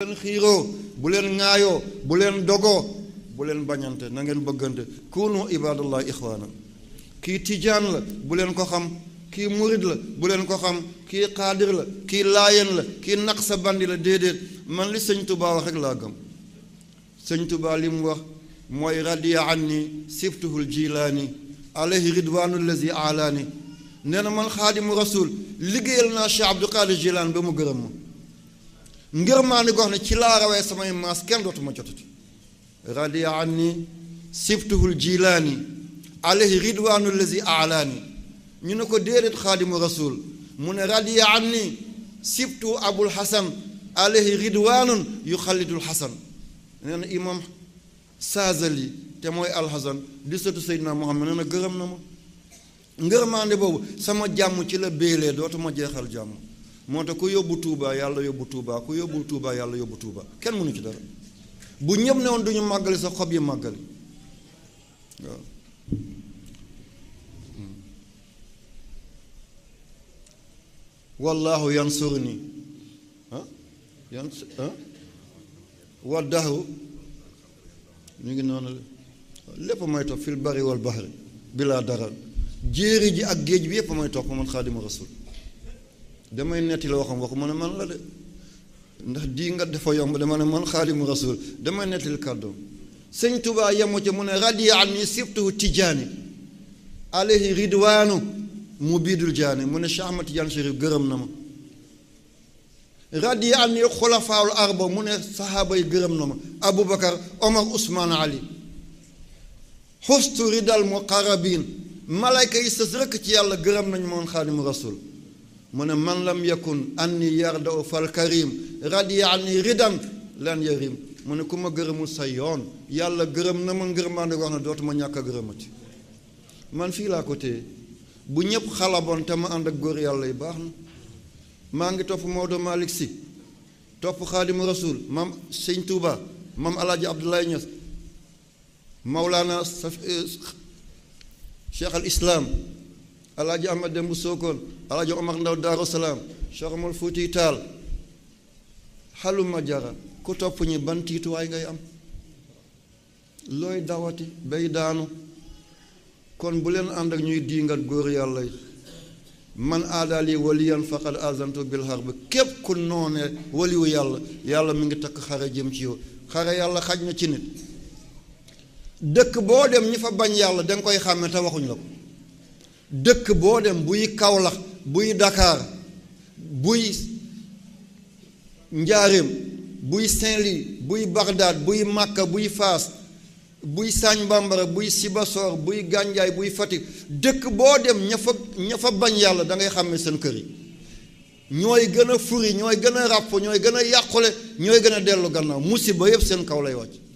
bu leen bu leen ŋaayoo bu leen dogoo bu leen bañante na ngeen bëggante kunu ibadallah ixwaana kii tijaan la buleen ko xam kii murid la bu leen ko xam kii xaadir la kii laayeen la kii naqsa bandi la déedéet man li sëñ tubaa wax rek laa gëm sëñ tubaa li mu wax mooy radiya an ni siftuhul jilaani alayhi ridwaanu lazi alaani nee na man xaadimu rasul liggéeyal naa Cheikh Abdou Qadir Jilaan ba mu gërëm ngir maa ni gox ci laa rawee samay maas kenn dootuma jotati radia an ni sibtuhul jilaani alayhi ridwaanu lazi alaani ñu ne ko déedéet xaadimu rasul mu ne radia an ni sibtu abul xasan alayhi ridwaanun yu xalidul xasan nee na imam saazali te mooy alxasan di sëtu seydina muhammad nee na gërëm na ma ngërmaande boobu sama jàmm ci la béelee dootuma jeexal jàmm moo tax ku yóbbu tuubaa yàlla yóbbu Touba ku yóbbu Touba yàlla yóbbu Touba kenn mënu ci dara bu ñëpp ne woon duñu màggali sax xob yi màggali waaw hmm. wallaahu yansurni ah yan ah waddahu ñu ngi noonu lépp may topp fil bari wal bahri bilaa dara jéeri ji ak géej bi yépp may topp man xaadima rasul damay netti la waxam waxu ma ne man la de ndax dii nga dafa yomb dama ne man xaadimu rasul damay nettil kàddoom sëñ tubaa yemu ci mu ne radiya an ni sibtuhu tijaani alayhi ridwaanu mu biidul jaani mu ne Cheikh Tijaan Chérif gërëm na ma radiya an ni xulafaawul arba mu ne sahaaba yi gërëm na ma aboubacar omar ousmaan ali xustu ridal muqarabin malayka yi sës rëkk ci yàlla gërëm nañu moon xaadimu rasul mu ne man lam yakun anni yardaw fal karim radiya anni ridan lan yarim mu ne ku ma gërëmul sa yoon yàlla gërëm na ma ngërëmaande wax na dootuma ñàkk a gërëmati man fii laa ko téye bu ñëpp xalaboon te ma ànd ak góor yàlla yu baax na maa ngi topp Maodo Malick si topp Xaadimu Rasuul maam Sëñ Tuuba maam Alaaji Abdoulaye Niass Mawlaana eh, Cheikh al Islam alaaji ahmad dem bu sookoon alaaji omar ndaw daaru salaam fuuti taal xaluma jara ku topp ñi ban ngay am looy dawati bay daanu kon bu leen ànd ak ñuy diingat góor yàlla yi man aadaali waliyan faqad azantu bil harb képp ku noone waliwu yàlla yàlla mu ngi takk xare jëm ci yow xare yàlla xaj na ci nit dëkk boo dem ñi fa bañ yàlla danga koy xàmme te waxuñ la ko dëkk boo dem buy Kaolack buy dakaar buy Njaareem buy Saint-Louis buy Bagdad buy Makka buy Faas buy Sagne Bambara buy sibasoor buy gànjaay buy Fatick dëkk boo dem ña fa ña fa bañ yàlla da ngay xàmme seen kër yi ñooy gën a furi ñooy gën a ràpp ñooy gën a yàqule ñooy gën a dellu gannaaw musiba yëpp seen kaw lay wàcc